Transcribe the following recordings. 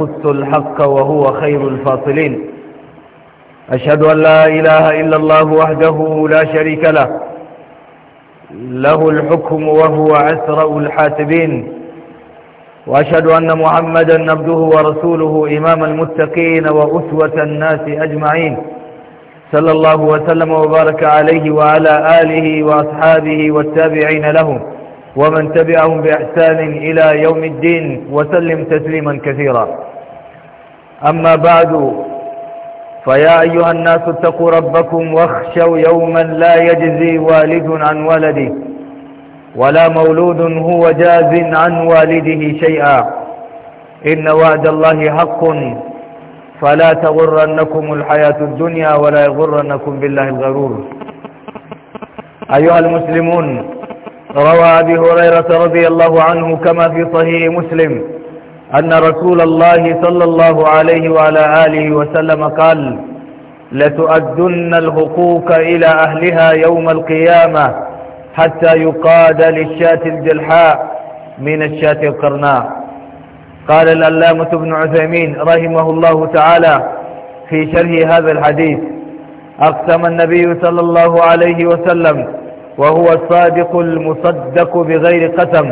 قدت الحق وهو خير الفاصلين أشهد أن لا إله إلا الله وحده لا شريك له له الحكم وهو عسر الحاسبين وأشهد أن محمدا عبده ورسوله إمام المتقين وأسوة الناس أجمعين صلى الله وسلم وبارك عليه وعلى آله وأصحابه والتابعين لهم ومن تبعهم بإحسان إلى يوم الدين وسلم تسليما كثيرا أما بعد فيا أيها الناس اتقوا ربكم واخشوا يوما لا يجزي والد عن ولده ولا مولود هو جاز عن والده شيئا إن وعد الله حق فلا تغرنكم الحياة الدنيا ولا يغرنكم بالله الغرور أيها المسلمون روى أبي هريرة رضي الله عنه كما في صحيح مسلم أن رسول الله صلى الله عليه وعلى آله وسلم قال لتؤدن الحقوق إلى أهلها يوم القيامة حتى يقاد للشاة الجلحاء من الشاة القرناء قال الألامة بن عثيمين رحمه الله تعالى في شرح هذا الحديث أقسم النبي صلى الله عليه وسلم وهو الصادق المصدق بغير قسم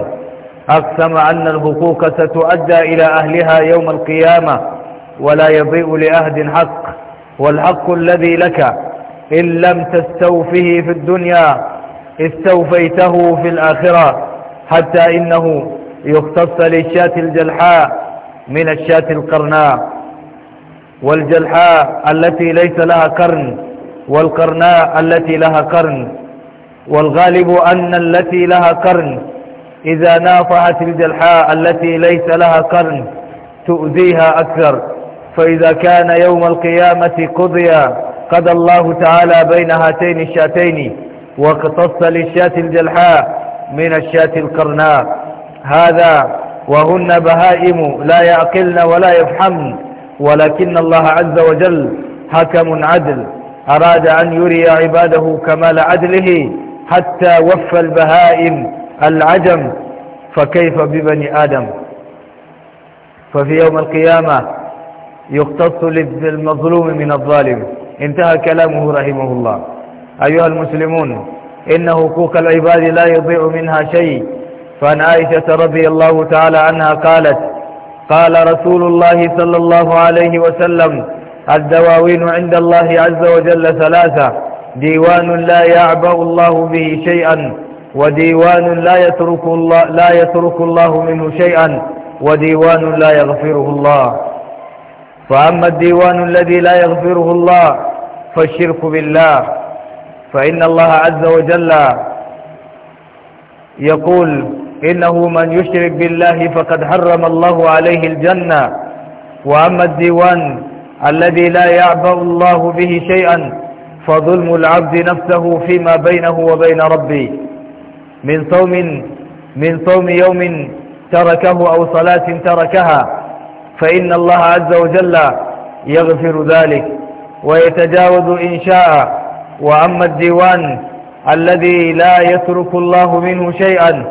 أقسم أن الحقوق ستؤدى إلى أهلها يوم القيامة ولا يضيء لأهد حق والحق الذي لك إن لم تستوفه في الدنيا استوفيته في الآخرة حتى إنه يختص للشاة الجلحاء من الشاة القرناء والجلحاء التي ليس لها قرن والقرناء التي لها قرن والغالب أن التي لها قرن إذا نافعت الجلحاء التي ليس لها قرن تؤذيها أكثر فإذا كان يوم القيامة قضي قضى الله تعالى بين هاتين الشاتين واقتص للشاة الجلحاء من الشاة القرناء هذا وهن بهائم لا يعقلن ولا يفحمن ولكن الله عز وجل حكم عدل أراد أن يري عباده كمال عدله حتى وفى البهائم العجم فكيف ببني آدم ففي يوم القيامة يقتص للمظلوم من الظالم انتهى كلامه رحمه الله أيها المسلمون إن حقوق العباد لا يضيع منها شيء فعن عائشة رضي الله تعالى عنها قالت قال رسول الله صلى الله عليه وسلم الدواوين عند الله عز وجل ثلاثة ديوان لا يعبأ الله به شيئا وديوان لا يترك الله لا يترك الله منه شيئا وديوان لا يغفره الله فأما الديوان الذي لا يغفره الله فالشرك بالله فإن الله عز وجل يقول إنه من يشرك بالله فقد حرم الله عليه الجنة وأما الديوان الذي لا يعبأ الله به شيئا فظلم العبد نفسه فيما بينه وبين ربه من صوم من صوم يوم تركه أو صلاة تركها فإن الله عز وجل يغفر ذلك ويتجاوز إن شاء وأما الديوان الذي لا يترك الله منه شيئا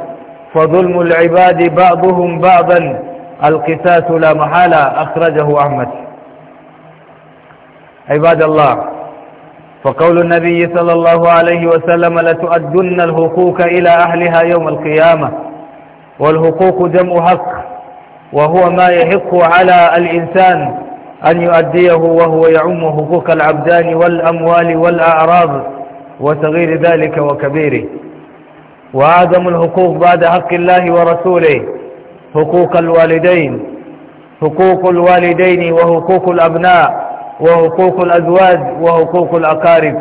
فظلم العباد بعضهم بعضا القساس لا محالة أخرجه أحمد عباد الله فقول النبي صلى الله عليه وسلم لتؤدن الحقوق إلى أهلها يوم القيامة والحقوق جمع حق وهو ما يحق على الإنسان أن يؤديه وهو يعم حقوق العبدان والأموال والأعراض وصغير ذلك وكبيره وعدم الحقوق بعد حق الله ورسوله حقوق الوالدين حقوق الوالدين وحقوق الأبناء وحقوق الأزواج وحقوق الأقارب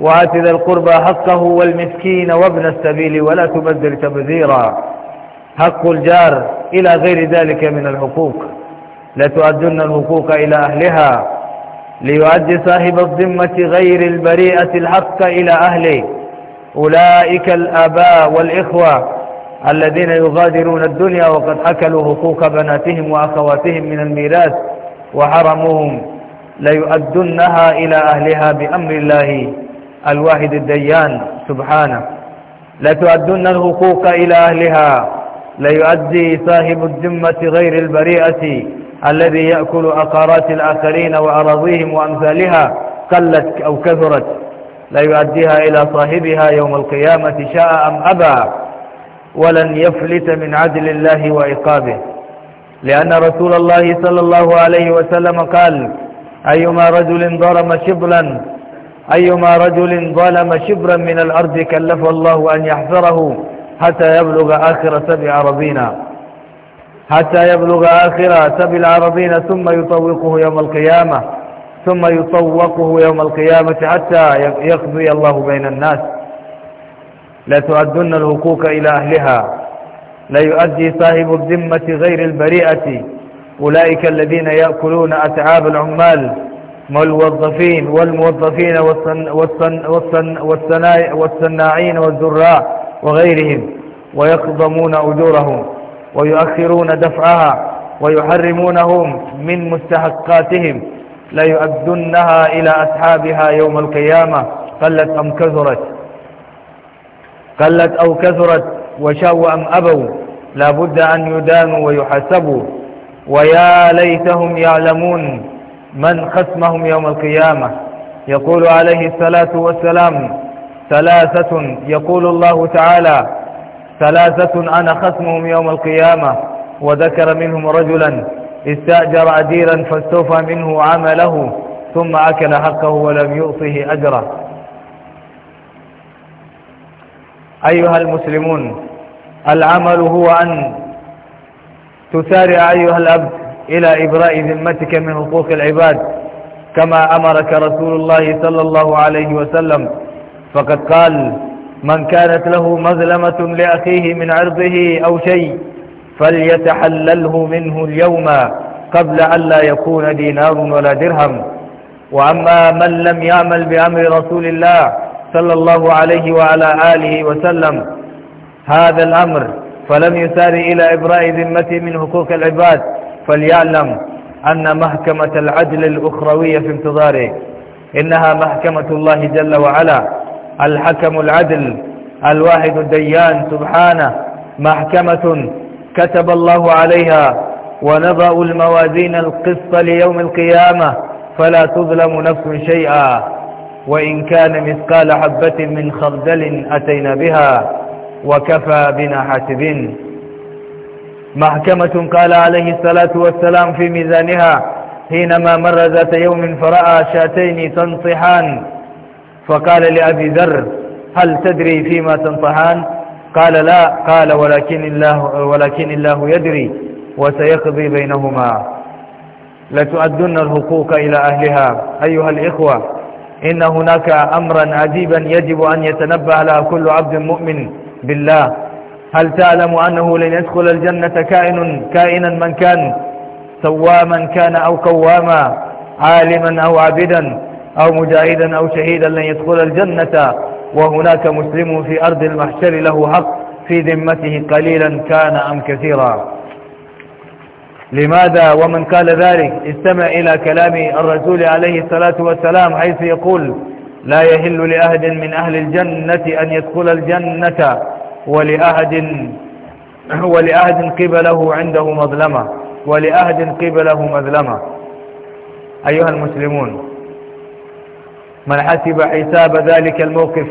وآت ذا القربى حقه والمسكين وابن السبيل ولا تبذر تبذيرا حق الجار إلى غير ذلك من الحقوق لتؤدن الحقوق إلى أهلها ليؤدي صاحب الذمة غير البريئة الحق إلى أهله أولئك الآباء والإخوة الذين يغادرون الدنيا وقد أكلوا حقوق بناتهم وأخواتهم من الميراث وحرموهم ليؤدنها إلى أهلها بأمر الله الواحد الديان سبحانه لتؤدن الحقوق إلى أهلها ليؤدي صاحب الذمة غير البريئة الذي يأكل أقارات الآخرين وأراضيهم وأمثالها قلت أو كثرت ليؤديها إلى صاحبها يوم القيامة شاء أم أبى ولن يفلت من عدل الله وعقابه لأن رسول الله صلى الله عليه وسلم قال أيما رجل ظلم شبرا أيما رجل ظلم شبرا من الأرض كلف الله أن يحفره حتى يبلغ آخر سبع عربين حتى يبلغ آخر سبع عربين ثم يطوقه يوم القيامة ثم يطوقه يوم القيامة حتى يقضي الله بين الناس لا تؤدن الحقوق إلى أهلها لا يؤدي صاحب الذمة غير البريئة أولئك الذين يأكلون أتعاب العمال والموظفين والموظفين والصناعين والزراع وغيرهم ويقضمون أجورهم ويؤخرون دفعها ويحرمونهم من مستحقاتهم يؤدنها إلى أصحابها يوم القيامة قلت أم كثرت قلت أو كثرت وشاءوا أم أبوا لابد أن يدانوا ويحاسبوا ويا ليتهم يعلمون من خصمهم يوم القيامة يقول عليه الصلاة والسلام ثلاثة يقول الله تعالى ثلاثة أنا خصمهم يوم القيامة وذكر منهم رجلا استأجر أديرا فاستوفى منه عمله ثم أكل حقه ولم يعطه أجره أيها المسلمون العمل هو أن تسارع أيها الأب إلى إبراء ذمتك من حقوق العباد كما أمرك رسول الله صلى الله عليه وسلم فقد قال من كانت له مظلمة لأخيه من عرضه أو شيء فليتحلله منه اليوم قبل أن لا يكون دينار ولا درهم وأما من لم يعمل بأمر رسول الله صلى الله عليه وعلى آله وسلم هذا الأمر فلم يسار إلى إبراء ذمتي من حقوق العباد فليعلم أن محكمة العدل الأخروية في انتظاره إنها محكمة الله جل وعلا الحكم العدل الواحد الديان سبحانه محكمة كتب الله عليها ونضأ الموازين القسط ليوم القيامة فلا تظلم نفس شيئا وإن كان مثقال حبة من خردل أتينا بها وكفى بنا حاسبين محكمة قال عليه الصلاة والسلام في ميزانها حينما مر ذات يوم فرأى شاتين تنطحان فقال لأبي ذر هل تدري فيما تنطحان قال لا قال ولكن الله, ولكن الله يدري وسيقضي بينهما لتؤدن الحقوق إلى أهلها أيها الإخوة إن هناك أمرا عجيبا يجب أن يتنبه له كل عبد مؤمن بالله هل تعلم أنه لن يدخل الجنة كائن كائنا من كان سواما كان أو قواما عالما أو عبدا أو مجاهدا أو شهيدا لن يدخل الجنة وهناك مسلم في أرض المحشر له حق في ذمته قليلا كان أم كثيرا لماذا ومن قال ذلك استمع إلى كلام الرسول عليه الصلاة والسلام حيث يقول لا يهل لأحد من أهل الجنة أن يدخل الجنة ولأحد ولأحد قبله عنده مظلمة ولأحد قبله مظلمة أيها المسلمون من حسب حساب ذلك الموقف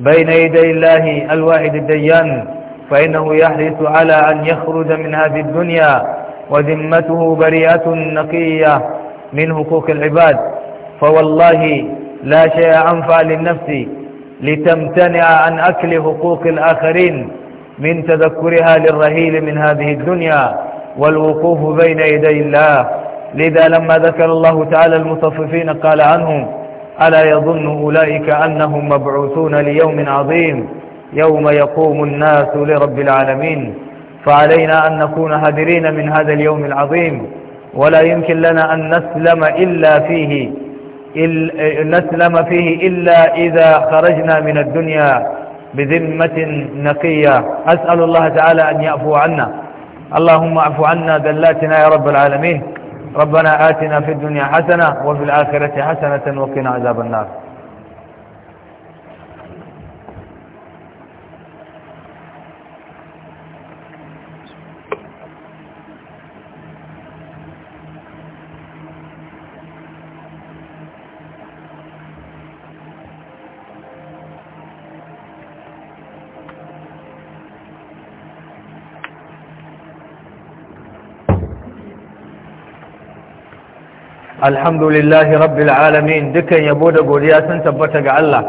بين يدي الله الواحد الديان فإنه يحرص على أن يخرج من هذه الدنيا وذمته بريئة نقية من حقوق العباد فوالله لا شيء أنفع للنفس لتمتنع عن أكل حقوق الآخرين من تذكرها للرهيل من هذه الدنيا والوقوف بين يدي الله لذا لما ذكر الله تعالى المتصفين قال عنهم ألا يظن أولئك أنهم مبعوثون ليوم عظيم يوم يقوم الناس لرب العالمين فعلينا أن نكون هادرين من هذا اليوم العظيم ولا يمكن لنا أن نسلم إلا فيه نسلم فيه إلا إذا خرجنا من الدنيا بذمة نقية أسأل الله تعالى أن يعفو عنا اللهم اعفو عنا ذلاتنا يا رب العالمين ربنا آتنا في الدنيا حسنة وفي الآخرة حسنة وقنا عذاب النار alhamdulillahi rabbil alamin dukan yabo da godiya sun tabbata ga Allah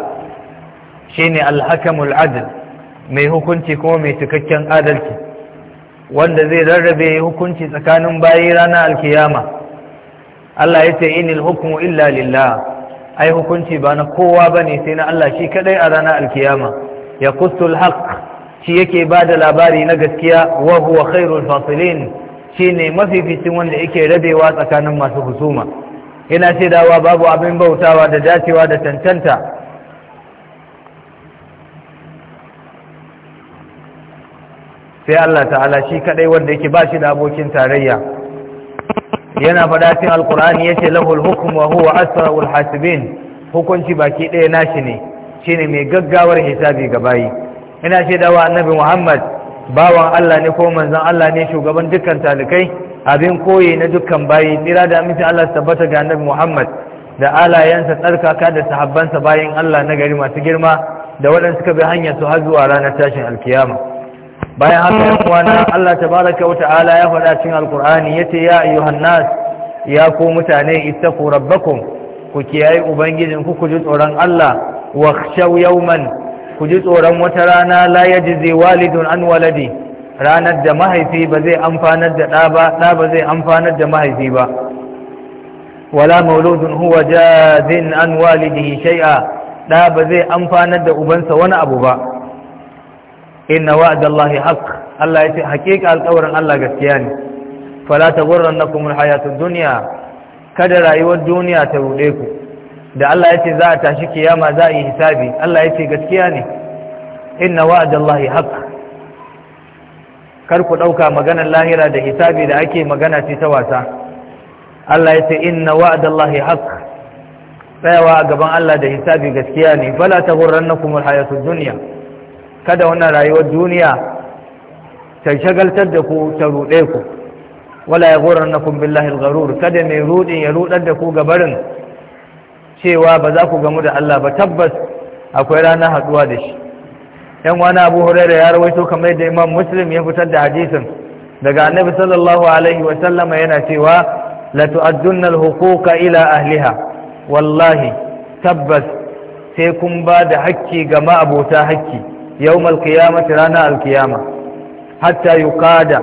shine alhakamul adl mai hukunci kuma mai cikakken adalci wanda zai rarrabe hukunci tsakanin bayi rana alkiyama Allah ya ce inil hukmu illa lillah ai hukunci ba na kowa bane sai na Allah shi kadai a rana alkiyama ya qustul haqq shi yake ba da labari na gaskiya wa huwa khairul fasilin ne mafificin wanda yake rabewa tsakanin masu husuma yana shaidawa babu abin bautawa da dacewa da cancanta sai Allah ta'ala shi kadai wanda yake ba shi da abokin tarayya yana faɗa cikin alkur'ani yace lahul hukm wa huwa asra'ul hasibin hukunci baki ɗaya nashi ne shine mai gaggawar hisabi ga bayi ina shaidawa annabi Muhammad bawan Allah ne ko manzon Allah ne shugaban dukkan talikai abin koyi na dukkan bayi tsira da amince Allah tabbata ga annabi Muhammad da alayansa tsarkaka da sahabbansa bayin Allah na gari masu girma da waɗanda suka bi hanyar su har zuwa ranar tashin alkiyama bayan haka yan uwana Allah tabaraka wa ta'ala ya faɗa cikin alkur'ani yace ya ayyuhan nas ya ku mutane ittaqu rabbakum ku kiyaye ubangijin ku ku ji tsoron Allah wa khshaw yawman ku ji tsoron wata rana la yajzi walidun an waladi ranar da mahaifi ba zai amfanar da ɗa ba ɗa ba zai amfanar da mahaifi ba wala mauludun huwa jazin an walidihi shay'a ɗa ba zai amfanar da ubansa wani abu ba inna wa'dallahi haqq Allah ya ce haƙiƙa alƙawarin Allah gaskiya ne fala taghurrannakum alhayatud dunya kada rayuwar duniya ta rude ku da Allah ya ce za a tashi kiyama za a yi hisabi Allah ya ce gaskiya ne inna wa'dallahi haqq kar ku ɗauka maganar lahira da hisabi da ake magana ce ta wasa Allah ya ce inna wa'adallahi haqq tsayawa a gaban Allah da hisabi gaskiya ne fala taghurrannakum alhayatud duniya. kada wannan rayuwar duniya ta shagaltar da ku ta ruɗe ku wala yaghurrannakum billahi algharur kada mai rudin ya rudar da ku gabarin cewa ba za ku gamu da Allah ba tabbas akwai ranar haduwa da shi yan wani abu da ya rawaito kamar da imam muslim ya fitar da hadisin daga annabi sallallahu alaihi yana cewa la hukuka huquqa ila ahliha wallahi tabbas sai kun ba da hakki ga ma'abota hakki yawmal qiyamati ranar alkiyama hatta yuqada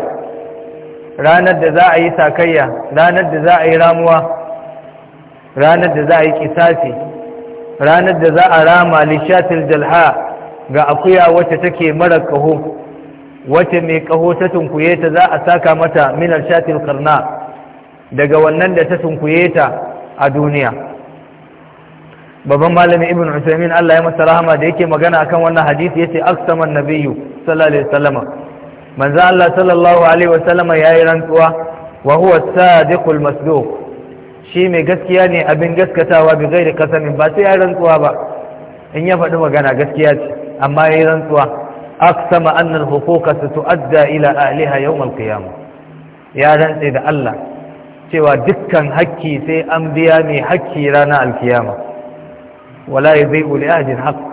ranar da za a yi sakayya ranar da za a yi ramuwa ranar da za a yi kisasi ranar da za a rama lishatil jalha ga akuya wacce take mara kaho wacce mai kaho ta tunkuye ta za a saka mata minar shatil karna daga wannan da ta tunkuye ta a duniya babban malami ibn usaimin Allah ya masa rahama da yake magana akan wannan hadisi yace aksaman nabiyyu sallallahu alaihi wasallama manzo Allah sallallahu alaihi wasallama yayi rantsuwa wa huwa sadiqul masduq shi mai gaskiya ne abin gaskatawa bi ghairi qasamin ba sai ya rantsuwa ba in ya faɗi magana gaskiya ce amma yayi rantsuwa aksama anna al-huquqa tuadda ila ahliha yawm al-qiyamah ya rantse da Allah cewa dukkan hakki sai an biya mai hakki ranar alkiyama wala yadhi'u li ahdin haqq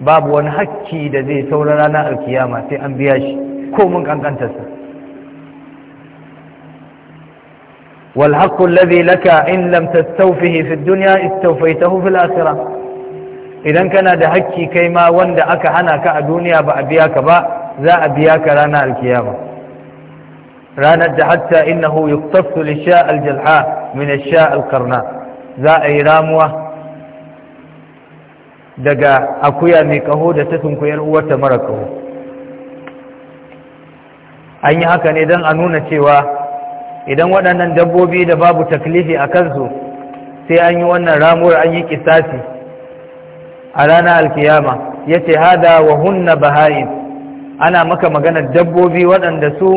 babu wani hakki da zai saura ranar alkiyama sai an biya shi ko mun kankantarsa wal haqqu alladhi laka in lam tastawfihi fi ad-dunya istawfaytahu fil akhirah idan kana da hakki kai ma wanda aka hana ka a duniya ba a biya ka ba za a biya ka rana alkiyama ranar da hatta innahu yuqtasu li sha aljalha min sha alqarna za a yi ramuwa daga akuya mai kaho da ta tunkuyar uwarta mara kaho an yi haka ne don a nuna cewa idan waɗannan dabbobi da babu taklifi a kansu sai an yi wannan ramuwar an yi kisasi a ranar alkiyama ya ce hada wa hunna baha'in ana maka magana dabbobi waɗanda su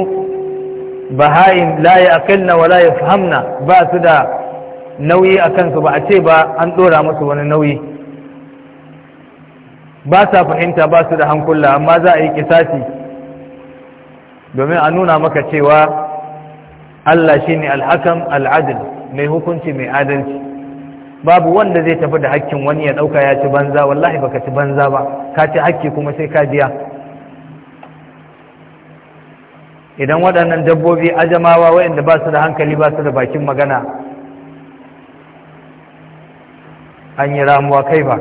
baha'in layi a kan wa ya fahamna ba su da nauyi a kansu ba a ce ba an ɗora musu wani nauyi ba sa fahimta ba su da hankula amma za a yi kisasi domin a nuna maka cewa Allah shi ne alhakam al'adil mai hukunci mai adalci babu wanda zai tafi da hakkin wani ya ɗauka ya ci banza wallahi baka ci banza ba ka ci hakki kuma sai ka biya idan waɗannan dabbobi ajamawa wayanda ba su da hankali ba su da bakin magana an yi ramuwa kai ba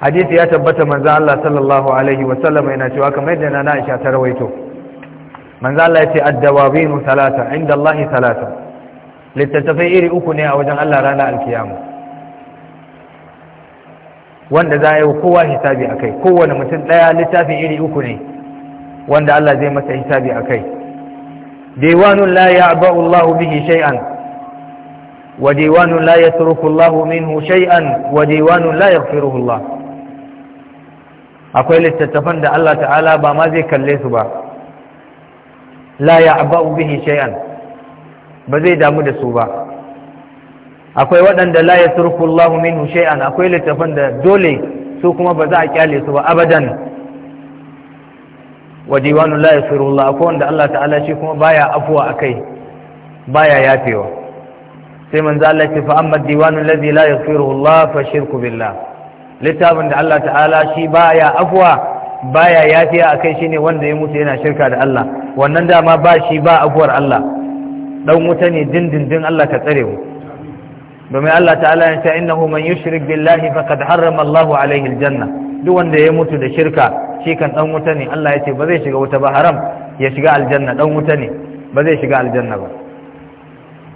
hadisi ya tabbata manzan Allah sallallahu alaihi wasallam yana cewa kamar yadda na Aisha ta rawaito manzo Allah ya ce talata inda Allah talata. littattafai iri uku ne a wajen Allah rana alkiyama wanda za a yi wa kowa hisabi a kai, kowane mutum daya littafin iri uku ne wanda Allah zai masa hisabi a akai diwanun la ya ya'ba'u Allah bihi shay'an wa diwanun la yatruku Allah minhu shay'an wa diwanun la yaghfiruhu Allah akwai littattafan da Allah ta'ala ba ma zai kalle su ba la ya'ba'u bihi shay'an ba zai damu da su ba akwai waɗanda la yasrufu Allahu minhu shay'an akwai littafan da dole su kuma ba za a kyale su ba abadan wa diwanu la yasrufu Allah akwai wanda Allah ta'ala shi kuma baya afuwa akai baya yafewa sai manzo Allah ya fa amma diwanu allazi la yasrufu Allah fa shirku billah littafin da Allah ta'ala shi baya afuwa baya yafiya a kai shine wanda ya mutu yana shirka da Allah wannan dama ba shi ba abuwar Allah dan wuta ne dindindin Allah ka tsare mu domin Allah ta'ala ya ce innahu man yushrik billahi faqad harrama Allahu alaihi aljanna duk wanda ya mutu da shirka shi kan dan wuta ne Allah ya ce ba zai shiga wuta ba haram ya shiga aljanna dan wuta ne ba zai shiga aljanna ba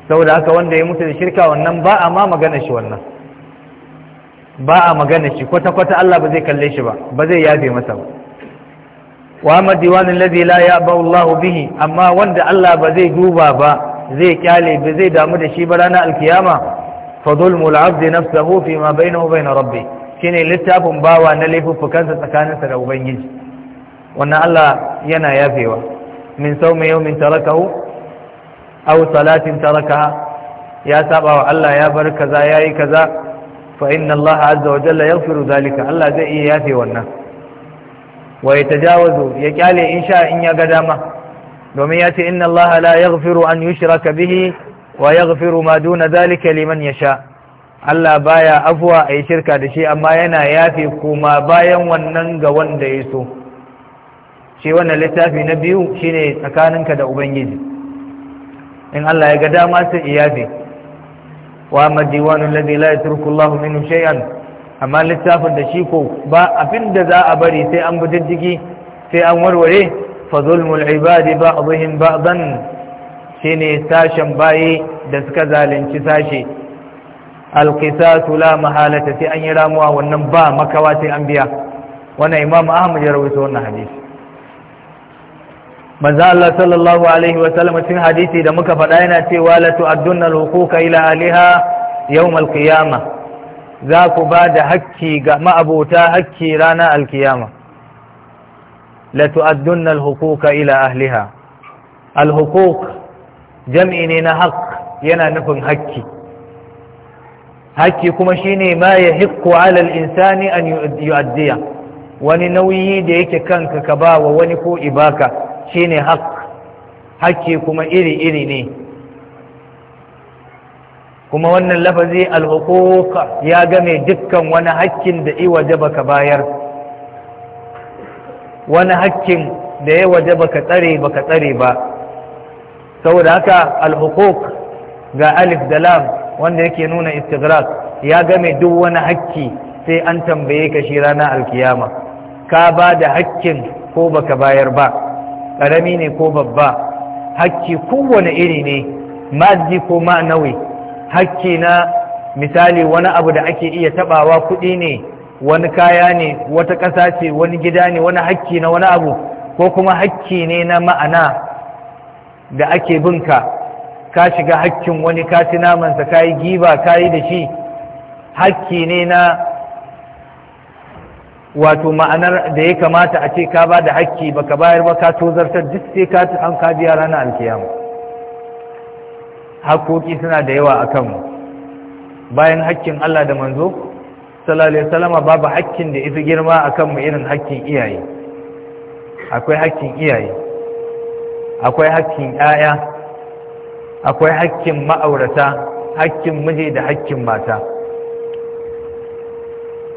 saboda haka wanda ya mutu da shirka wannan ba a ma magana shi wannan ba a magana shi kwata-kwata Allah ba zai kalle shi ba ba zai yafe masa ba wa amma diwanin ladhi la ya'ba Allahu bihi amma wanda Allah ba zai duba ba zai kyale ba zai damu da shi ba ranar alkiyama fa zulmul abdi nafsuhu fi ma bainahu wa bain rabbih shine littafin bawa na laifuffukansa tsakaninsa da ubangiji wannan Allah yana yafewa min sawmi yawmin tarakahu aw salatin tarakaha ya saba wa Allah ya bar kaza yayi kaza fa inna Allah azza wa jalla firu zalika Allah zai iya yafe wannan wa yatajawazu ya kyale in sha in ya ga dama domin ya ce inna Allah la firu, an ka bihi wa firu ma duna zalika liman ya sha?" Allah baya afuwa a yi shirka da shi amma yana yafe kuma bayan wannan ga wanda ya so shi wannan littafi na biyu shine tsakaninka da ubangiji in Allah ya ga dama sai yafe wa amma diwanu alladhi la yatruku Allahu minhu shay'an amma littafin da shi ko ba abinda za a bari sai an bujjiji sai an warware fa zulmul ibadi ba'dhum ba'dan shine sashen bayi da suka zalunci sashe alqisas la mahalata sai an yi ramuwa wannan ba makawa sai an biya wannan imamu ahmad ya rawaito wannan hadisi manzo Allah sallallahu alaihi wa sallam cikin hadisi da muka faɗa yana cewa la tu'addunna al-huquqa ila aliha yawm al-qiyama za ku ba da hakki ga ma'abota hakki rana al-qiyama la tu'addunna al-huquqa ila ahliha al-huquq jam'i ne na haqq yana nufin hakki hakki kuma shine ma yahiqqu 'ala al-insani an yu'addiya wani nauyi da yake kanka ka ba wa wani ko ibaka shi ne hakki kuma iri-iri ne kuma wannan lafazi alhuquq ya game dukkan wani hakkin da i wajaba ka bayar wani hakkin da ya wajaba ka tsare baka tsare ba saboda haka alhuquq ga alif da lam wanda yake nuna istighraq ya game duk wani hakki sai an tambaye ka shi ranar alkiyama ka ba da hakkin ko baka bayar ba ƙarami ne ko babba hakki kowane iri ne ma'azi ko ma'anawi hakki na misali wani abu da ake iya tabawa kuɗi ne wani kaya ne wata ƙasa ce wani gida ne wani hakki na wani abu ko kuma hakki ne na ma'ana da ake binka ka shiga hakkin wani ka ci namansa ka yi giba ka yi da shi hakki ne na wato ma'anar da ya kamata a ce ka ba da hakki ka bayar ba ka tozartar duk sai ka an biya ranar alkiyama hakoki suna da yawa a kanmu bayan hakkin Allah da manzo sallallahu alaihi babu hakkin da ifi girma a kanmu irin hakkin iyaye akwai hakkin iyaye akwai hakkin ƴaƴa akwai hakkin ma'aurata hakkin miji da hakkin mata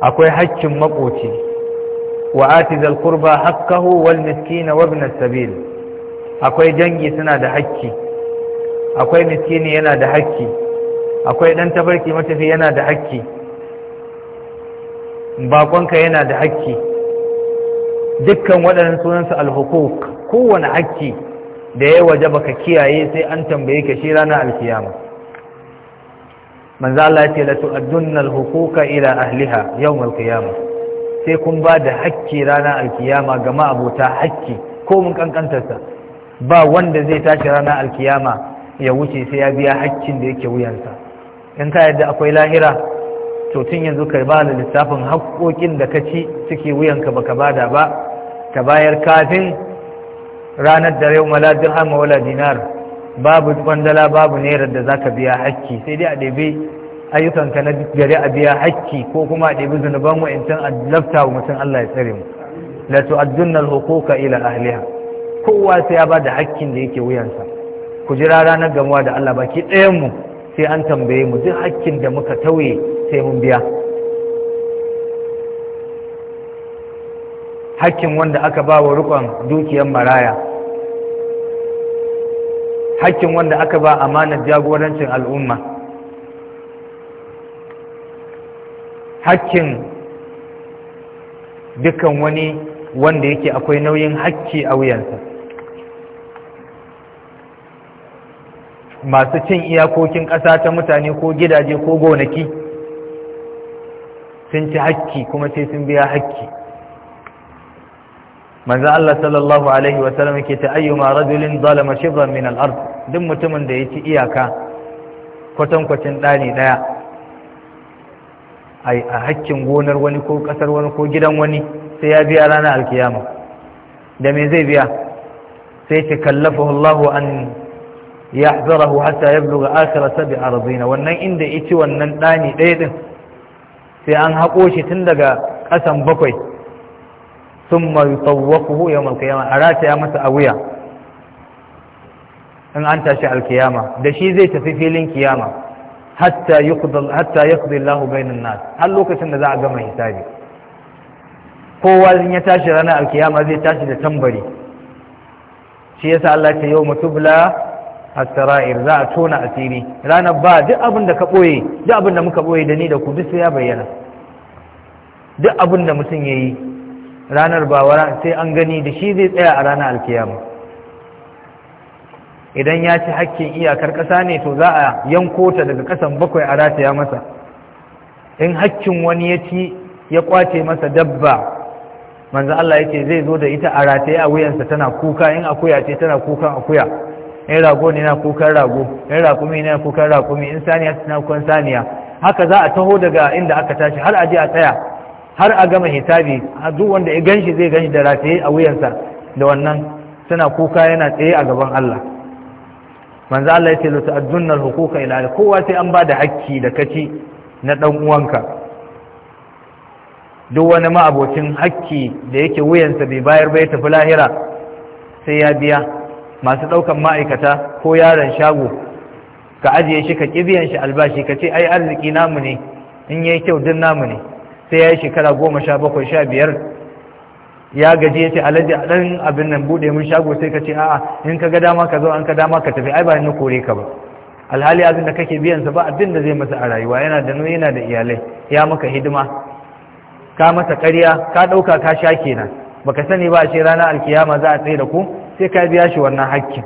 akwai haƙƙin makoci wa ati zal qurba haqqahu wal miskina wa ibn sabil akwai dangi suna da haƙƙi akwai miskini yana da haƙƙi akwai dan tabarki matafi yana da haƙƙi bakonka yana da haƙƙi dukkan waɗannan sunansu alhukuk kowane haƙƙi da ya waje baka kiyaye sai an tambaye ka shi ranar alkiyama Manza Allah ya ce la tu'addunna al hukuka ila ahliha yawm al qiyama sai kun ba da hakki rana alkiyama ga ma'abota hakki ko mun kankantarsa ba wanda zai tashi rana alkiyama ya wuce sai ya biya hakkin da yake wuyansa in ka yadda akwai lahira to tun yanzu ka ba da lissafin haƙoƙin da ka ci suke wuyanka baka bada ba ka bayar kafin ranar da yau maladin dirham wala dinar babu kwandala babu naira da zaka biya hakki sai dai a ɗebe ayyukanka na gari a biya hakki ko kuma a ɗebi zunuban wa'intan a lafta wa mutum Allah ya tsare mu la tu'addunna al-huquqa ila ahliha kowa sai ya bada hakkin da yake wuyansa ku jira ranar gamuwa da Allah baki ɗayan mu sai an tambaye mu duk hakkin da muka tauye sai mun biya hakkin wanda aka ba wa rukon dukiyar maraya hakkin wanda aka ba amanar jagorancin al'umma hakkin dukan wani wanda yake akwai nauyin hakki a wuyansa masu cin iyakokin ƙasa ta mutane ko gidaje ko gonaki sun ci hakki kuma sai sun biya hakki manzo Allah sallallahu alaihi wa sallam yake ta ayyuma rajulin zalama shibran min al-ard duk mutumin da yake iyaka kwatankwacin dani daya ai a hakkin gonar wani ko kasar wani ko gidan wani sai ya biya ranar alkiyama da me zai biya sai ce kallafahu Allah an yahzarahu hatta yablugha akhir sab'i arzina wannan inda yake wannan dani daya din sai an hako shi tun daga kasan bakwai sun mai tsawakuhu yau malkiyama a rataya masa a wuya in an tashi alkiyama da shi zai tafi filin kiyama hatta ya kudu Allahu bainan nas har lokacin da za a gama hisabi kowa in ya tashi ranar alkiyama zai tashi da tambari shi yasa Allah ce yau mutubla as-sara'ir za a tona asiri ranar ba duk abin da ka boye duk abin da muka ɓoye da ni da ku duk sai ya bayyana duk abin da mutum yi. ranar ba sai an gani da shi zai tsaya a ranar alkiyama idan ya ci hakkin iyakar ƙasa ne to za a yanko ta daga ƙasan bakwai a rataya masa in hakkin wani ya ci ya kwace masa dabba manzo Allah yake zai zo da ita a rataye a wuyansa tana kuka in akuya ce tana kukan akuya in rago ne na kukan rago in raƙumi na kukan raƙumi in saniya tana kukan saniya haka za a taho daga inda aka tashi har a je a tsaya har a gama hisabi duk wanda ya ganshi zai ganshi da rataye a wuyansa da wannan suna kuka yana tsaye a gaban Allah manzo Allah ya ce lutu addunnal huquqa ila kowa sai an bada hakki da kaci na dan uwanka duk wani ma abocin hakki da yake wuyansa bai bayar bai tafi lahira sai ya biya masu ɗaukan ma'aikata ko yaron shago ka ajiye shi ka kibiyan shi albashi ka ce ai arziki namu ne in yayi kyau din namu ne sai ya yi shekara goma sha bakwai sha biyar ya gaji ya ce alaji a ɗan abin nan buɗe mun shago sai ka ce a'a in ka ga dama ka zo an ka dama ka tafi ai ba ni kore ka ba alhali abin da kake biyan sa ba abin da zai masa a rayuwa yana da nuna yana da iyalai ya maka hidima ka masa ƙarya ka ɗauka ka sha kenan baka sani ba a ce ranar alkiyama za a tsaye da ku sai ka biya shi wannan hakkin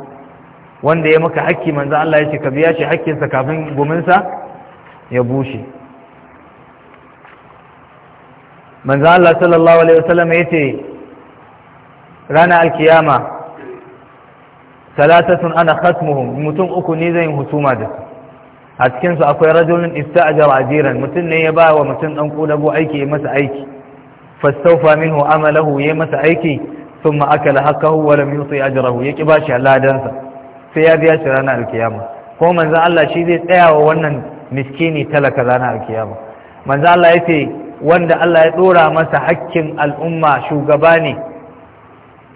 wanda ya maka hakki manzo Allah ya ce ka biya shi hakkinsa kafin guminsa ya bushe manzo Allah sallallahu alaihi wasallam yace rana alkiyama salatatun ana khatmuhum mutum uku ne zan husuma da su a cikin su akwai rajulun ista'jara ajiran mutum ne ya ba wa mutum dan kudago aiki masa aiki fastawfa minhu amalahu ya masa aiki thumma akala haqqahu wa lam yuti ajrahu ya bashi shi ladansa sai ya biya shi ranar alkiyama ko manzo Allah shi zai tsaya wa wannan miskini talaka ranar alkiyama manzo Allah yace wanda Allah ya ɗora masa hakkin al'umma shugaba ne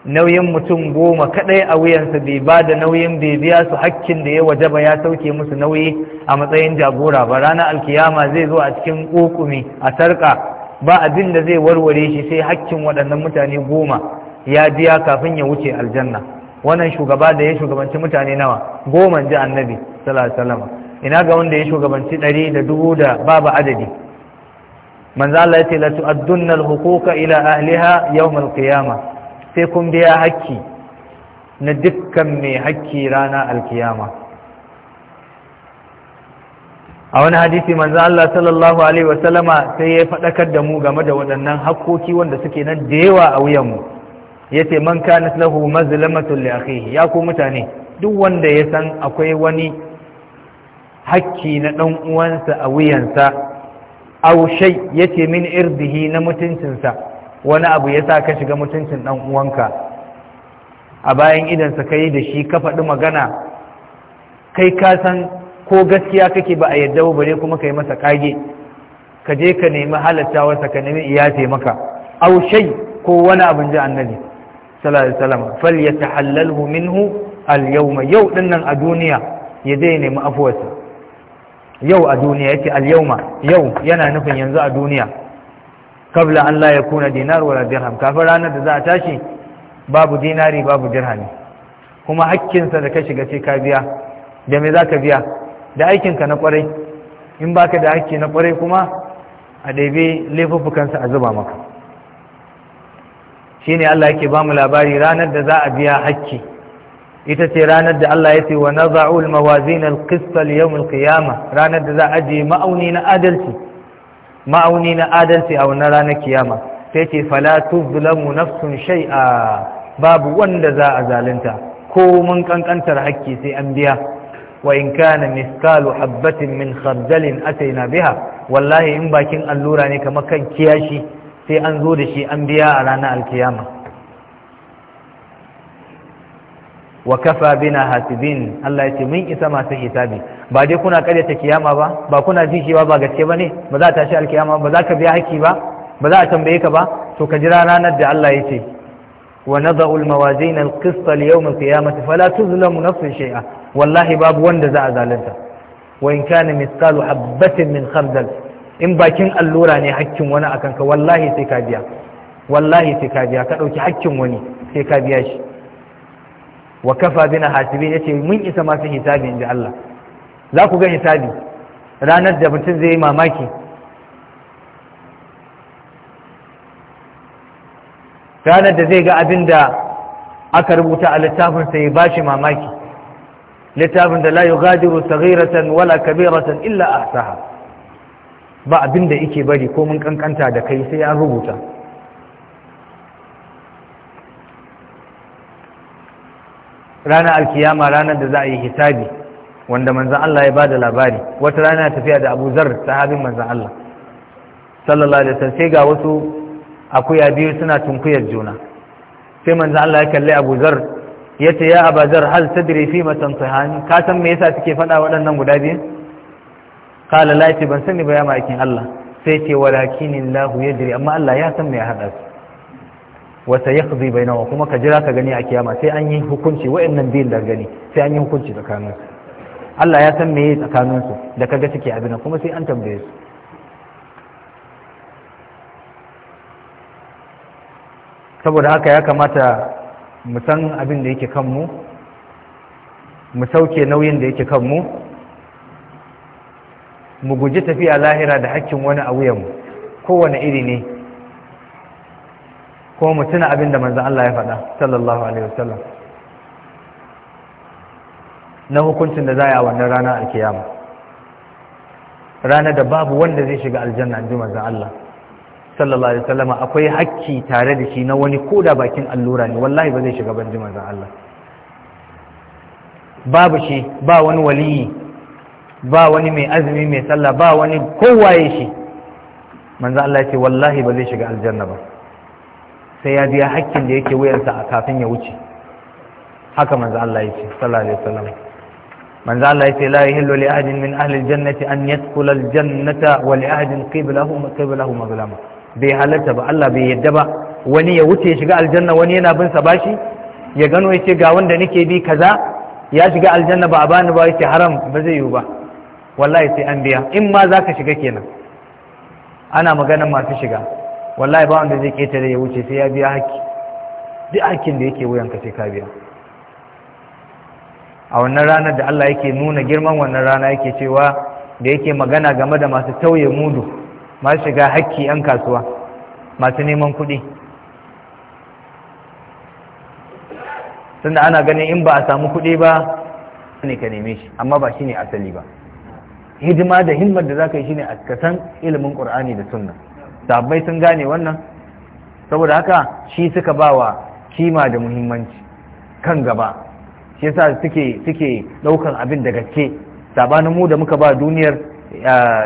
nauyin mutum goma kaɗai a wuyansa bai ba da nauyin bai biya su hakkin da ya waje ba ya sauke musu nauyi a matsayin jagora ba ranar alkiyama zai zo a cikin ƙoƙumi a sarƙa ba abin da zai warware shi sai hakkin waɗannan mutane goma ya biya kafin ya wuce aljanna wannan shugaba da ya shugabanci mutane nawa goma ji annabi sallallahu alaihi ina ga wanda ya shugabanci ɗari da dubu da babu adadi manzo Allah yace la tu'addunna al-huquqa ila ahliha yawm al sai kun biya hakki na dukkan mai hakki rana al a wani hadisi manzo Allah sallallahu alaihi wa sallama sai ya fadakar da mu game da waɗannan hakkoki wanda suke nan da yawa a wuyan mu yace man kana lahu mazlamatu li akhihi ya ku mutane duk wanda ya san akwai wani hakki na dan uwansa a wuyansa aushai ce min irdihi na mutuncinsa wani abu ya sa ka shiga mutuncin ɗan uwanka a bayan idansa yi da shi ka faɗi magana kai ka san ko gaskiya kake ba a yadda ba bare kuma yi masa kage ka je ka nemi halatta wasa ka nemi iya taimaka aushai ko wani abin ji annabi sallallahu alaihi wasallam fal ya minhu al yawma yau ɗinnan a duniya ya dai nemi afuwarsa yau a duniya yake al-yawma yau yana nufin yanzu a duniya kabla an la yakuna dinar wala dirham kafin ranar da za a tashi babu dinari babu dirhami kuma hakkinsa da ka shiga ce ka biya da me za ka biya da aikinka na kwarai in baka da hakki na kwarai kuma a ɗaibe sa a zuba maka shine Allah yake ba mu labari ranar da za a biya hakki ita ce ranar da Allah ya ce wa naza'u al-mawazin al-qist al al-qiyamah ranar da za a je ma'auni na adalci ma'auni na adalci a wannan ranar kiyama sai ce fala tuzlamu nafsun shay'a babu wanda za a zalunta ko mun kankantar hakki sai an biya wa in kana miskalu habbatin min khardalin ataina biha wallahi in bakin allura ne kamar kan kiyashi sai an zo da shi an biya a ranar alkiyama wa kafa bina hasibin Allah ya ce mun isa masu hisabi ba dai kuna karyata kiyama ba ba kuna jin shi ba gaske ba ne ba za ta tashi alkiyama ba za ka biya haki ba ba za a tambaye ka ba to ka jira ranar da Allah ya ce wa nada'u al-mawazin al-qist li-yawm al-qiyamati fala tuzlamu nafsun shay'a wallahi babu wanda za a zalunta wa in kana mithqalu habatin min khardal in bakin allura ne hakkin wani akan ka wallahi sai ka biya wallahi sai ka biya ka dauki hakkin wani sai ka biya shi wa kafa bina hasibi ce mun isa masu hisabi inji Allah za ku ga hisabi ranar da mutum zai yi mamaki ranar da zai ga abin da aka rubuta a littafin sai ba shi mamaki littafin da la yughadiru saghiratan wala kabiratan illa ahsaha ba abin da yake bari ko mun kankanta da kai sai an rubuta ranar alkiyama ranar da za a yi hisabi wanda manzan Allah ya bada labari wata rana tafiya da Abu Zar sahabin manzan Allah sallallahu alaihi wasallam sai ga wasu akuya biyu suna tunkuyar juna sai manzan Allah ya kalli Abu Zar ce ya Abu Zar hal tadri fi ma ka san me yasa suke faɗa waɗannan guda biyu kala la ban sani ba ya ma'aikin Allah sai ce walakinin lahu yadri amma Allah ya san me ya haɗa su wata ya zai bai nawa kuma ka jira ka gani a kiyama sai an yi hukunci nan biyun da gani sai an yi hukunci tsakanin su Allah ya san meye tsakanin su da kaga suke abin kuma sai an tambaye su saboda haka ya kamata mu san abin da yake kanmu mu sauke nauyin da yake kanmu mu guji tafiya lahira da hakkin wani a wuyanmu kowane iri ne kuma mu tuna abin da manzan Allah ya faɗa sallallahu alaihi wasallam na hukuncin da za a wannan rana a kiyama Rana da babu wanda zai shiga aljanna in ji manzan Allah sallallahu alaihi wasallam akwai hakki tare da shi na wani koda bakin allura ne wallahi ba zai shiga banji ji manzan Allah babu shi ba wani waliyi ba wani mai azumi mai sallah ba wani kowaye shi manzo Allah ya ce wallahi ba zai shiga aljanna ba sai ya biya hakkin da yake wuyansa a kafin ya wuce haka manzo Allah yake sallallahu alaihi wasallam manzo Allah yake la yahillu li ahadin min ahli aljannati an yadkhula aljannata wa li ahadin qiblahu qiblahu maglama bai halatta ba Allah bai yadda ba wani ya wuce ya shiga aljanna wani yana bin sa bashi ya gano yace ga wanda nake bi kaza ya shiga aljanna ba a bani ba yace haram ba zai yiwu ba wallahi sai an biya in ma zaka shiga kenan ana maganar masu shiga wallahi ba wanda zai ketare ya wuce sai ya biya haƙƙi duk haƙƙin da yake wuyanka sai ka biya a wannan ranar da Allah yake nuna girman wannan rana yake cewa da yake magana game da masu tauye mudu masu shiga haƙƙi 'yan kasuwa masu neman kuɗi tunda ana ganin in ba a samu kuɗi ba ne ka neme shi amma ba shi ne asali ba hidima da himmar da za ka yi shi ne a kasan ilimin ƙur'ani da sunna sahabbai sun gane wannan saboda haka shi suka ba wa kima da muhimmanci kan gaba shi yasa suke suke daukan abin da gaske sabanin mu da muka ba duniyar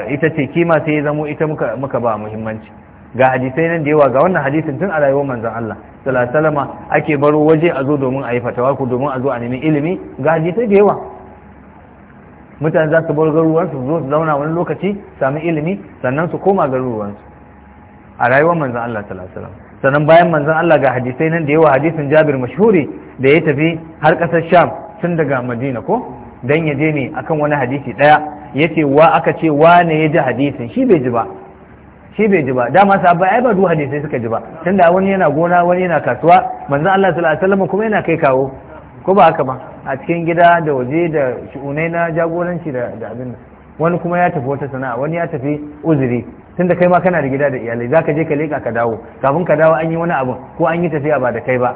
ita ce kima sai ya zamo ita muka muka ba muhimmanci ga hadisai nan da yawa ga wannan hadisin tun a rayuwar manzon Allah sallallahu alaihi ake baro waje a zo domin a yi fatawa ko domin a zo a nemi ilimi ga hadisai da yawa mutane za su bar garuruwansu su zo su zauna wani lokaci sami ilimi sannan su koma garuruwansu a rayuwar manzon Allah sallallahu alaihi sannan bayan manzon Allah ga hadisai nan da yawa hadisin Jabir mashhuri da ya tafi har kasar Sham tun daga Madina ko dan ya je ne akan wani hadisi daya yace wa aka ce wa ne ya ji hadisin shi bai ji ba shi bai ji ba dama ba ai ba duk hadisai suka ji ba Tun da wani yana gona wani yana kasuwa manzon Allah sallallahu alaihi wasallam kuma yana kai kawo ko ba haka ba a cikin gida da waje da shi'unai na jagoranci da abin wani kuma ya tafi wata sana'a wani ya tafi uzuri tunda kai ma kana da gida da iyalai ka je ka leka ka dawo kafin ka dawo an yi wani abu ko an yi tafiya ba da kai ba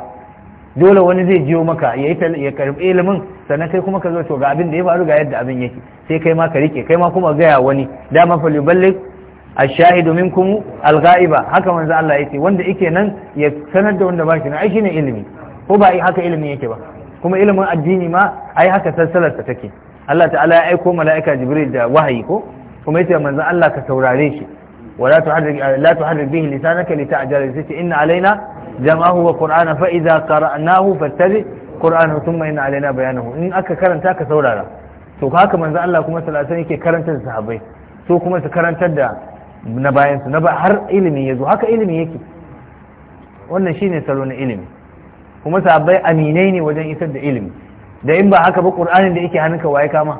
dole wani zai jiyo maka ya ya karɓi ilimin sannan kai kuma ka zo to ga abin da ya faru ga yadda abin yake sai kai ma ka rike kai ma kuma gaya wani dama fa ash ashahidu minkum al-ghaiba haka manzo Allah yake wanda yake nan ya sanar da wanda ba shi nan ai shine ilimi ko ba ai haka ilimi yake ba kuma ilimin addini ma ai haka sassalar ta take Allah ta'ala ya aiko mala'ika Jibril da wahayi ko kuma yace manzo Allah ka saurare shi ولا تحرك لا تحرك به لسانك لتعجل إن علينا جمعه وقرآنه فإذا قرأناه فاتبع قرآنه ثم إن علينا بيانه إن أكا كرنتا ka saurara to haka manzo Allah kuma sallallahu yake karantar da sahabbai so kuma su karantar da na bayan su na ba har ilimi yazo haka ilimi yake wannan shine salo na ilimi kuma sahabbai aminai ne wajen isar da ilimi da in ba haka ba Qur'anin da yake hannunka waye kama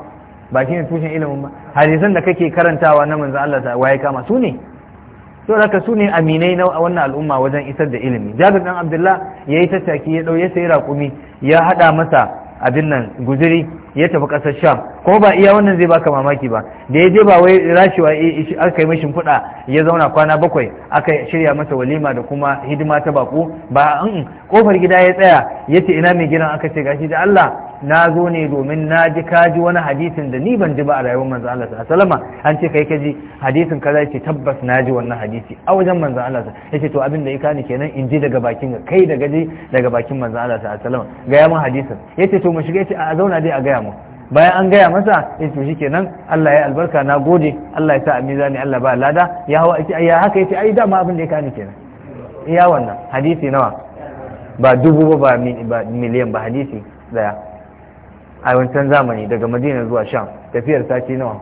ba shine tushen ilimin ba hadisan da kake karantawa na manzo Allah ta waye kama su ne to haka su ne aminai na wannan al'umma wajen isar da ilimi jabir dan abdullah ya yi tattaki ya ɗauye sai raƙumi ya haɗa masa abin nan guziri ya tafi ƙasar sham kuma ba iya wannan zai baka mamaki ba da ya je ba wai rashiwa aka yi mai shimfiɗa ya zauna kwana bakwai aka shirya masa walima da kuma hidima ta baƙo ba an mm, kofar gida ya tsaya ya ce ina mai gidan aka ce gashi da allah na zo ne domin na ji ka ji wani hadisin da ni ban ji ba a rayuwar manzo Allah sallallahu alaihi wasallam an ce kai ka ji hadisin kaza yace tabbas na ji wannan hadisi a wajen manzo Allah yace to abin da ya kani kenan in ji daga bakin kai daga ji daga bakin manzo Allah sallallahu alaihi wasallam ga ya mun hadisin yace to mu shiga yace a zauna dai a gaya mu bayan an gaya masa in to kenan Allah ya albarka na gode Allah ya sa a mizani Allah ba lada ya hawa yace ya haka yace ai dama abin da ya kani kenan iya wannan hadisi nawa ba dubu ba ba miliyan ba hadisi daya a wancan zamani daga madina zuwa sham tafiyar sati nawa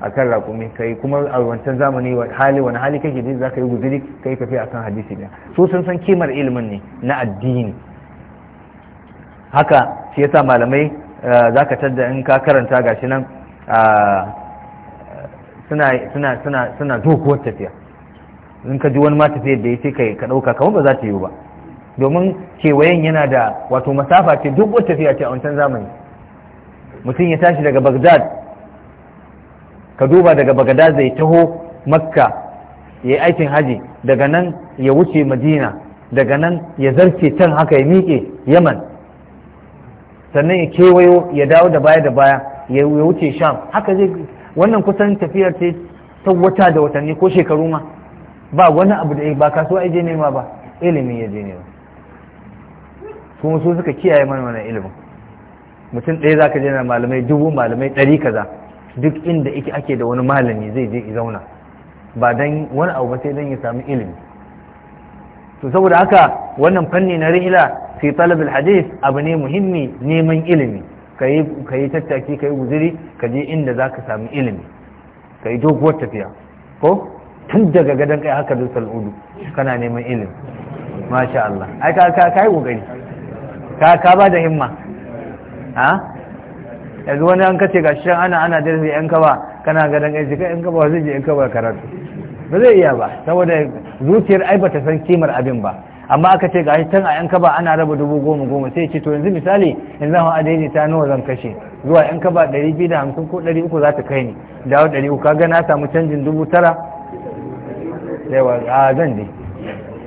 a kan raƙumi yi kuma a wancan zamani hali wani hali kake ji za ka yi guziri ka yi tafiya akan hadisi ne su sun san kimar ilimin ne na addini haka shi yasa malamai eh, za ka tadda in ka karanta ga shi nan ah, suna dokuwar tafiya in ka ji wani ma tafiyar da ya ce ka ɗauka kamar ba za ta yi ba domin kewayen yana da wato masafa ce duk wata tafiya ce a wancan zamani mutum ya tashi daga bagdad ka duba daga bagdad zai taho makka ya yi aikin haji daga nan ya wuce madina daga nan ya zarce can haka ya miƙe yaman sannan ya kewayo ya dawo da baya da baya ya wuce sham haka zai wannan kusan tafiyar ce ta wata da watanni ko shekaru ma ba wani abu da ba kasuwa ya je nema ba ilimin ya je nema kuma su suka kiyaye mana wannan ilimin mutum ɗaya zaka je na malamai dubu malamai ɗari kaza duk inda ake ake da wani malami zai je zauna ba dan wani abu ba sai dan ya samu ilimi to saboda haka wannan fanni na rihila fi talabil hadith abu ne muhimmi neman ilimi ka yi tattaki kai yi guziri ka je inda zaka ka sami ilimi kai yi doguwar tafiya ko tun daga gadon kai haka dusal udu kana neman ilimi masha Allah ai ka yi kokari ka ka ba da himma ha yanzu wani an kace gashi ana ana da zai yan kaba kana ga dan aiki yan kaba zai je yan kaba karatu ba zai iya ba saboda zuciyar ai bata san kimar abin ba amma aka ce gashi tan a yan kaba ana raba dubu goma goma sai ce to yanzu misali yanzu hawa adaini ta nawa zan kashe zuwa yan kaba ɗari biyu da hamsin ko ɗari uku za ta kai ni dawo ɗari uku kaga na samu canjin dubu tara yawa a zan je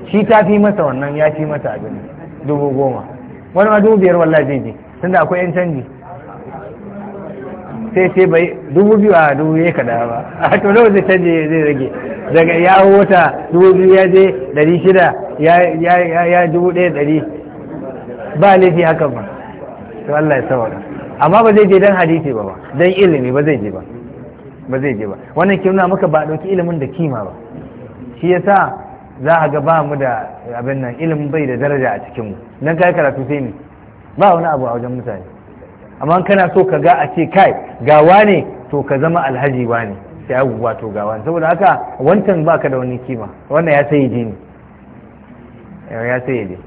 shi ta fi masa wannan ya fi mata abin dubu goma wani ma dubu biyar wallahi zai je tunda akwai yan canji sai ce bai dubu biyu a dubu ya kada ba a to nawa zai canje zai rage daga ya wata dubu biyu ya je ɗari shida ya dubu ɗaya ɗari ba laifi hakan ba to Allah ya saurara amma ba zai je dan hadisi ba ba dan ilimi ba zai je ba ba zai je ba wannan ke nuna maka ba ɗauki ilimin da kima ba shi yasa za a ga ba mu da abin nan ilimin bai da daraja a cikinmu nan kai karatu sai ne ba wani abu a wajen mutane amma kana so ka ga a ce kai gawa ne to ka zama alhaji ba ne sai guguwa to gawa ne. saboda haka wancan ba ka da wani kima wannan ya sai ji ne ya sai ji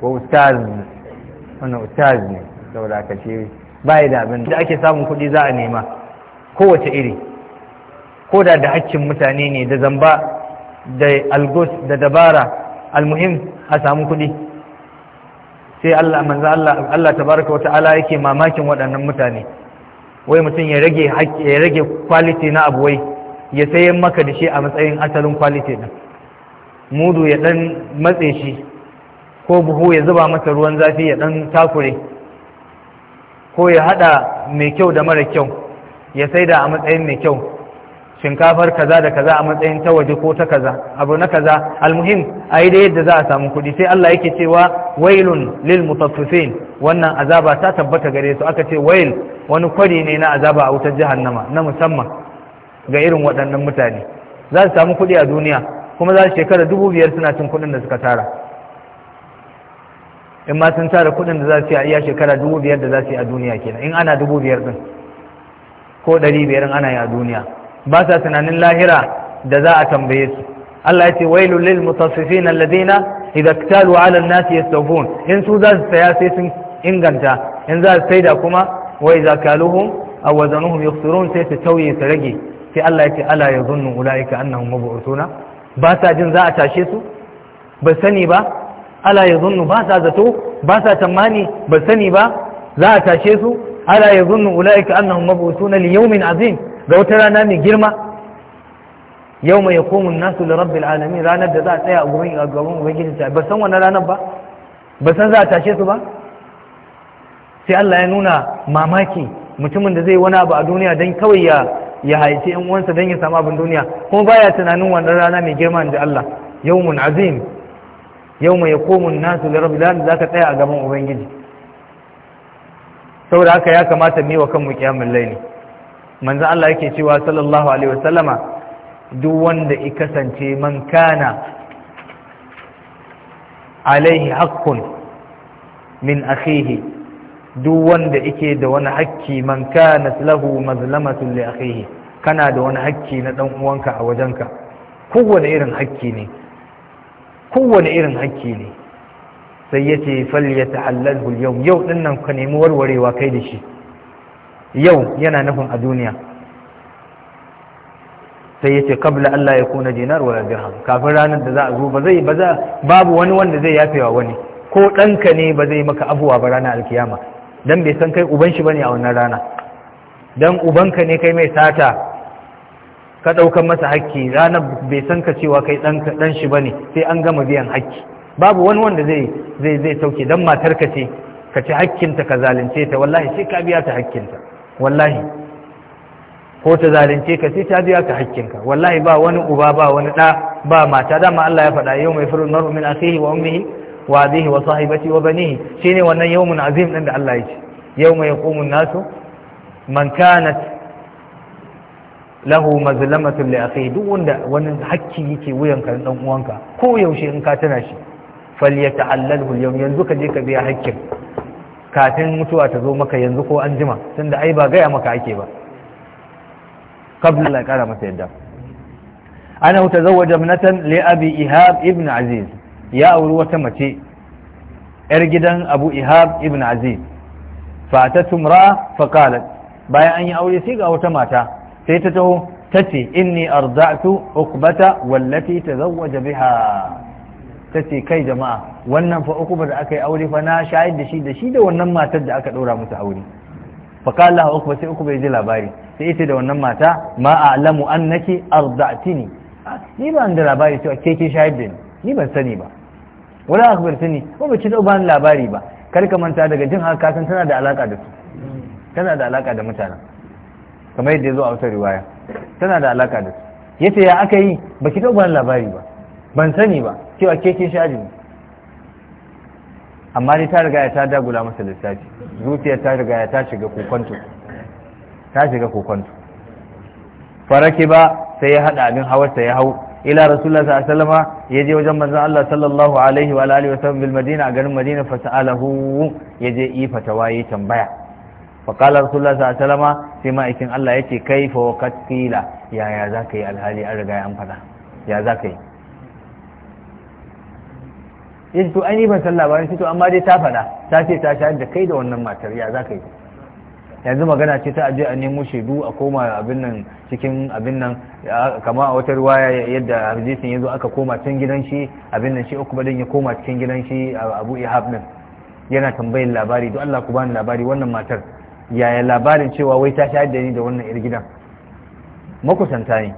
ko ustaz wannan ustaz ne saboda haka ce ba da abin da ake samun kuɗi za a nema kowace iri ko da da hakkin mutane ne da zamba da algos da dabara almuhim a samu kuɗi sai Allah manzo Allah Allah tabaraka wa ta'ala yake mamakin waɗannan mutane wai mutum ya rage ya rage quality na abu wai ya sayan maka da shi a matsayin asalin quality din mudu ya dan matse shi ko buhu ya zuba masa ruwan zafi ya dan takure ko ya hada mai kyau da mara kyau ya saida a matsayin mai kyau shinkafar kaza da kaza a matsayin ta waje ko ta kaza abu na kaza almuhim a yi da yadda za a samu kuɗi sai Allah yake cewa wailun lil mutaffifin wannan azaba ta tabbata gare su aka ce wail wani kwari ne na azaba a wutar jahannama na musamman ga irin waɗannan mutane za su samu kuɗi a duniya kuma za su shekara dubu biyar suna cin kuɗin da suka tara in ma sun tara kuɗin da za su yi a iya shekara dubu biyar da za su yi a duniya kenan in ana dubu biyar din ko ɗari biyar ana yi a duniya ba sa tunanin lahira da za a tambaye su Allah ya ce wailul lil mutaffifin alladhina idza iktalu ala an-nasi yastawfun in su za su saya sai sun inganta in za su saida kuma wa idza kaluhum aw wazanuhum yukhsirun sai su tauye su rage sai Allah ya ce ala yazunnu ulaika annahum mab'utuna ba sa jin za a tashe su ba sani ba ala yazunnu ba sa zato ba sa tamani ba sani ba za a tashe su ala yazunnu ulaika annahum mab'utuna li yawmin azim ga wata rana mai girma yau mai hukumun nasu da rabbi alamin ranar da za a tsaya a gurin a gaban ubangiji ta ba san wannan ranar ba ba san za a tashe su ba sai Allah ya nuna mamaki mutumin da zai wani abu a duniya don kawai ya ya haici yan uwansa don ya samu abin duniya kuma baya tunanin wannan rana mai girma da Allah Yau mun azim Yau mai hukumun nasu da rabbil alamin ka tsaya a gaban ubangiji saboda haka ya kamata mu yi wa kanmu kiyamul laili manzo Allah yake cewa sallallahu alaihi wasallama duk wanda ya kasance man kana alaihi haqqun min akhihi duk wanda yake da wani hakki man kana lahu mazlamatun li akhihi kana da wani hakki na dan uwanka a wajenka kowane irin hakki ne kowane irin hakki ne sai yace fal falyatahallalhu al-yawm yau dinnan ka nemi warwarewa kai da shi yau yana nufin a duniya sai ya ce kabla Allah ya kuna dinar wa dirham kafin ranar da za a zo ba zai ba za babu wani wanda zai yafewa wani ko ɗanka ne ba zai maka abuwa ba ranar alkiyama dan bai san kai uban shi bane a wannan rana dan ubanka ne kai mai sata ka ɗaukan masa hakki ranar bai san ka cewa kai ɗan shi ba ne sai an gama biyan hakki babu wani wanda zai zai zai sauke Dan matar ka ce ka ci hakkinta ka zalunce ta wallahi sai ka biya ta hakkinta wallahi ko ta zalunce ka sai ta biya ka hakkinka wallahi ba wani uba ba wani da ba mata dama Allah ya faɗa yau mai firin maru min akhihi wa ummihi wa abihi wa sahibati wa banihi shine wannan yawmun azim din da Allah ya ce yau mai yaqumun nasu man kanat lahu mazlamatun li akhihi duk wanda wani hakki yake wuyan na dan uwanka ko yaushe in ka tana shi falyata'allalhu al-yawm yanzu ka je ka biya hakkin kafin mutuwa ta zo maka yanzu ko an jima tunda ai ba gaya maka ake ba qabla la kara masa yadda ana tazawwaja ibnatan li abi ihab ibn aziz ya auri wata mace yar gidan abu ihab ibn aziz fa ta tumra fa qalat bayan an yi aure sai ga wata mata sai ta taho tace inni arda'tu uqbata wallati tazawwaja biha ta ce kai jama'a wannan fa uku da aka yi aure fa na shayar da shi da shi da wannan matar da aka ɗora musu aure fa kala uku sai uku bai ji labari sai ita da wannan mata ma a'lamu annaki arda'tini ah, ni ban da labari cewa ke ke shayar da ni ni ban sani ba wala sani ko ba ki da ban labari ba kar ka manta daga jin haka san tana da alaka da su tana da alaka da mutanen kamar yadda ya zo a wata riwaya tana da alaka da su yace ya aka yi ba ki ban labari ba ban sani ba cewa ke kin sha azumi amma dai ta riga ta dagula masa lissafi zuciya ta riga ta shiga kokonto ta shiga kokonto farake ba sai ya hada abin hawarsa ya hau ila rasulullah sallallahu alaihi wasallam yaje wajen manzon Allah sallallahu alaihi wa alihi wasallam bil madina a garin madina fa sa'alahu yaje yi fatawa yayi tambaya fa qala rasulullah sallallahu alaihi wasallam sai ma'aikin Allah yake kaifa wa katila yaya zakai yi alhali an riga an fada ya zakai yi ya to an yi ban sallah ba sai to amma dai ta faɗa ta ce ta shayar da kai da wannan matar ya za ka yi yanzu magana ce ta aje a nemo shaidu a koma abin nan cikin abin nan kama a wata ruwaya yadda hadisin ya zo aka koma can gidan shi abin nan shi uku badin ya koma cikin gidan shi abu ihab din yana tambayin labari don Allah ku bani labari wannan matar yaya labarin cewa wai ta shayar da ni da wannan yar gidan makusanta ne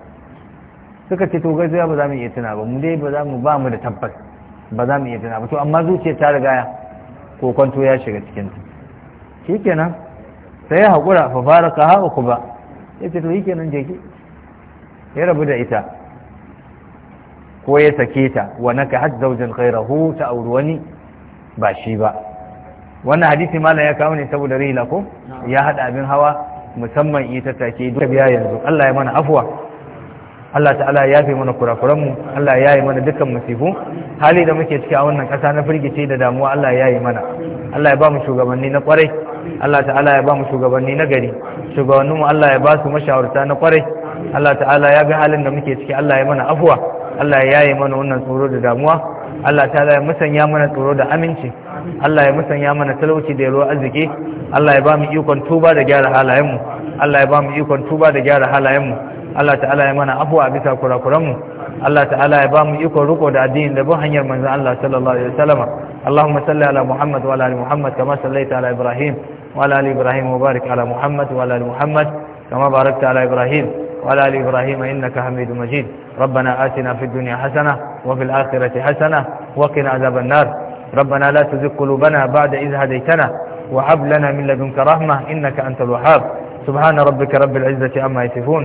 suka ce to gaskiya ba za mu iya tuna ba mu dai ba za mu ba mu da tabbas ba za mu iya tana ba to amma zuciya ta riga ko kwanto ya shiga cikin ta shikenan sai ya hakura fa fara ka hawa ba ya ce to shikenan je ki ya rabu da ita ko ya sake ta wa naka had zaujin khairahu ta auri wani ba shi ba wannan hadisi malam ya kawo ne saboda rihila ko ya haɗa abin hawa musamman ita take duk biya yanzu Allah ya mana afuwa Allah ta'ala ya yafe mana kurakuran mu Allah ya yi mana dukkan musibu hali da muke ciki a wannan kasa na firgice da damuwa Allah ya yi mana Allah ya ba mu shugabanni na kwarai Allah ta'ala ya ba mu shugabanni na gari shugabanninmu Allah ya ba su mashawarta na kwarai Allah ta'ala ya ga halin da muke ciki Allah ya mana afuwa Allah ya yi mana wannan tsoro da damuwa Allah ta'ala ya musanya mana tsoro da aminci Allah ya musanya mana talauci da ruwa arziki Allah ya ba mu ikon tuba da gyara halayenmu Allah ya ba mu ikon tuba da gyara mu Allah ta'ala ya mana afuwa bisa kurakuranmu Allah ta'ala ya ba mu iko riko da addinin. da bin hanyar manzon Allah sallallahu alaihi wasallama Allahumma salli ala Muhammad wa ala ali Muhammad kama sallaita ala Ibrahim wa ala ali Ibrahim wa barik ala Muhammad wa ala ali Muhammad kama barakta ala Ibrahim wa ala ali Ibrahim innaka Hamidum Majid ربنا آتنا في الدنيا حسنة وفي الآخرة حسنة وقنا عذاب النار ربنا لا تزغ قلوبنا بعد إذ هديتنا وهب لنا من لدنك رحمة إنك أنت الوهاب سبحان ربك رب العزة عما يصفون